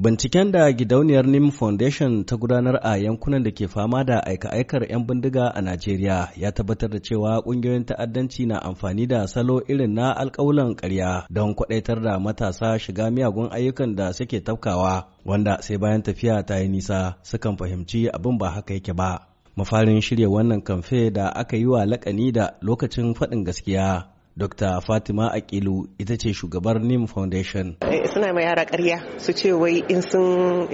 Binciken da gidauniyar NIM Foundation ta gudanar a yankunan da ke fama da aika-aikar 'yan bindiga a Najeriya ya tabbatar da cewa ƙungiyoyin ta'addanci na amfani da salo irin na alƙawulan ƙarya don kwaɗaitar da matasa shiga miyagun ayyukan da suke tafkawa, wanda sai bayan tafiya ta yi nisa sukan fahimci abin ba haka yake ba. Mafarin shirya wannan kamfe da aka yi wa lakani da lokacin faɗin gaskiya Dr. Fatima Akilu ita ce shugabar NIM Foundation. Eh, suna ma yara karya su ce wai in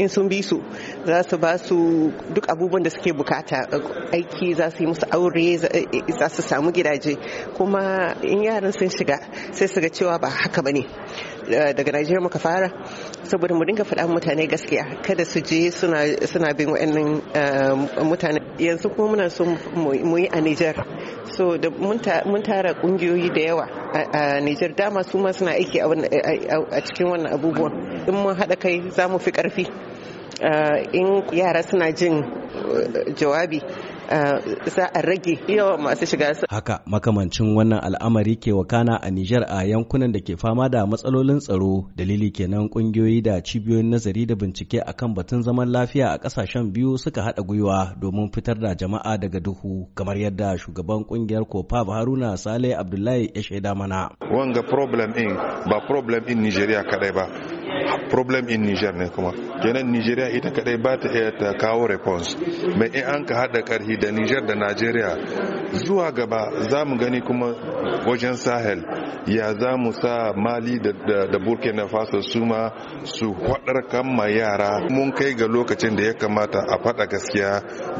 sun bi su za su ba su duk abubuwan da suke bukata aiki za su yi musu aure za eh, su samu gidaje kuma in yaran sun shiga sai su ga cewa ba haka ba ne. Eh, daga Najeriya muka fara saboda mu dinga faɗa mutane gaskiya kada su je suna bin wa'annan eh, mutane yanzu kuma muna so mu yi a Nijar so da mun tara ƙungiyoyi da yawa a Nijar dama su ma suna aiki a cikin wannan abubuwan in mun haɗa kai za mu fi ƙarfi eh, in yara suna jin jawabi Eh, za a rage yawa masu shiga haka makamancin wannan al'amari ke wakana a Nijar a yankunan da ke fama da matsalolin tsaro dalili kenan kungiyoyi da cibiyoyin nazari da bincike akan batun zaman lafiya a kasashen biyu suka haɗa gwiwa domin fitar da jama'a daga duhu kamar yadda shugaban kungiyar Kofa Haruna Sale Abdullahi ya shaida mana wanga problem in ba problem in Nigeria kadai ba problem in niger ne kuma kenan nigeria ita kadai ba ta iya ta kawo response mai in an ka hada karhi da niger da nigeria zuwa gaba za mu gani kuma wajen sahel ya za mu sa mali da da burkina faso su ma su kan kama yara mun kai ga lokacin da ya kamata a fada gaskiya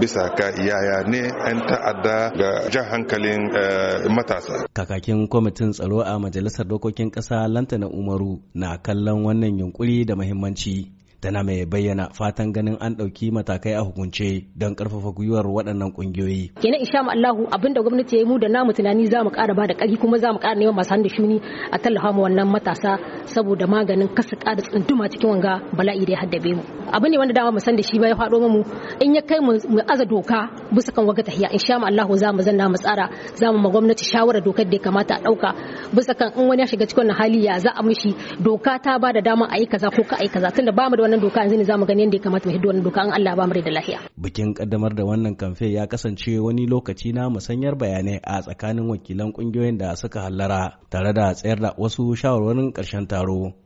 bisa ka iyaya ne 'yan ta'adda ga jan hankalin eh, matasa kakakin kwamitin tsaro a majalisar dokokin ƙasa lantana umaru na kallon wannan yunkuri yunkuri da mahimmanci tana mai bayyana fatan ganin an ɗauki matakai a hukunce don ƙarfafa gwiwar waɗannan ƙungiyoyi. kenan insha Allahu abin da gwamnati ya yi mu da namu tunani za mu ƙara ba da ƙarfi kuma za mu ƙara neman masu hannu shuni a tallafa mu wannan matasa saboda maganin kasa ƙara tsunduma cikin wanga bala'i da ya haddabe mu. abu ne wanda dama mu san da shi ba ya faɗo mu in ya kai mu aza doka bisa kan waga tahiya insha Allah za mu zanna mu tsara za mu ma gwamnati shawara dokar da ya kamata a ɗauka bisa kan in wani ya shiga cikin hali ya za a mishi doka ta ba da dama a yi kaza ko ka a yi kaza tunda ba mu da wannan doka yanzu ne za mu gani yadda ya kamata mu hiddo wannan doka in Allah ba mu da lafiya bikin kaddamar da wannan kamfe ya kasance wani lokaci na musanyar bayanai a tsakanin wakilan kungiyoyin da suka hallara tare da tsayar da wasu shawarwarin ƙarshen taro